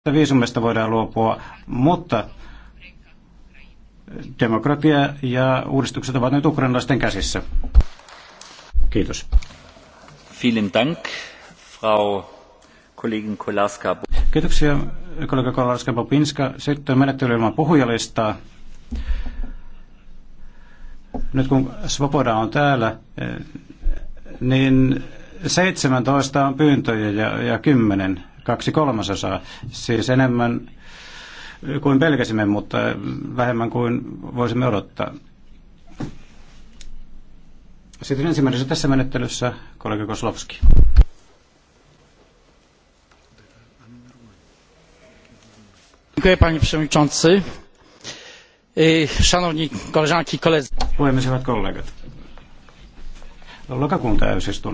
että viisumista voidaan luopua, mutta demokratia ja uudistukset ovat nyt ukrainalaisten käsissä. Kiitos. Vielen dank, Frau Kollegin Kolaska. Kiitoksia, kollega Kolaska Popinska. Sitten menettely ilman puhujalistaa. Nyt kun Svoboda on täällä, eh, niin 17 on pyyntöjä ja, ja 10 kaksi kolmasosaa, siis enemmän kuin pelkäsimme, mutta vähemmän kuin voisimme odottaa. Sitten ensimmäisenä tässä menettelyssä kollega Koslovski. panie przewodniczący! E, szanowni koleżanki i koledzy! lokakuun täysistunnossa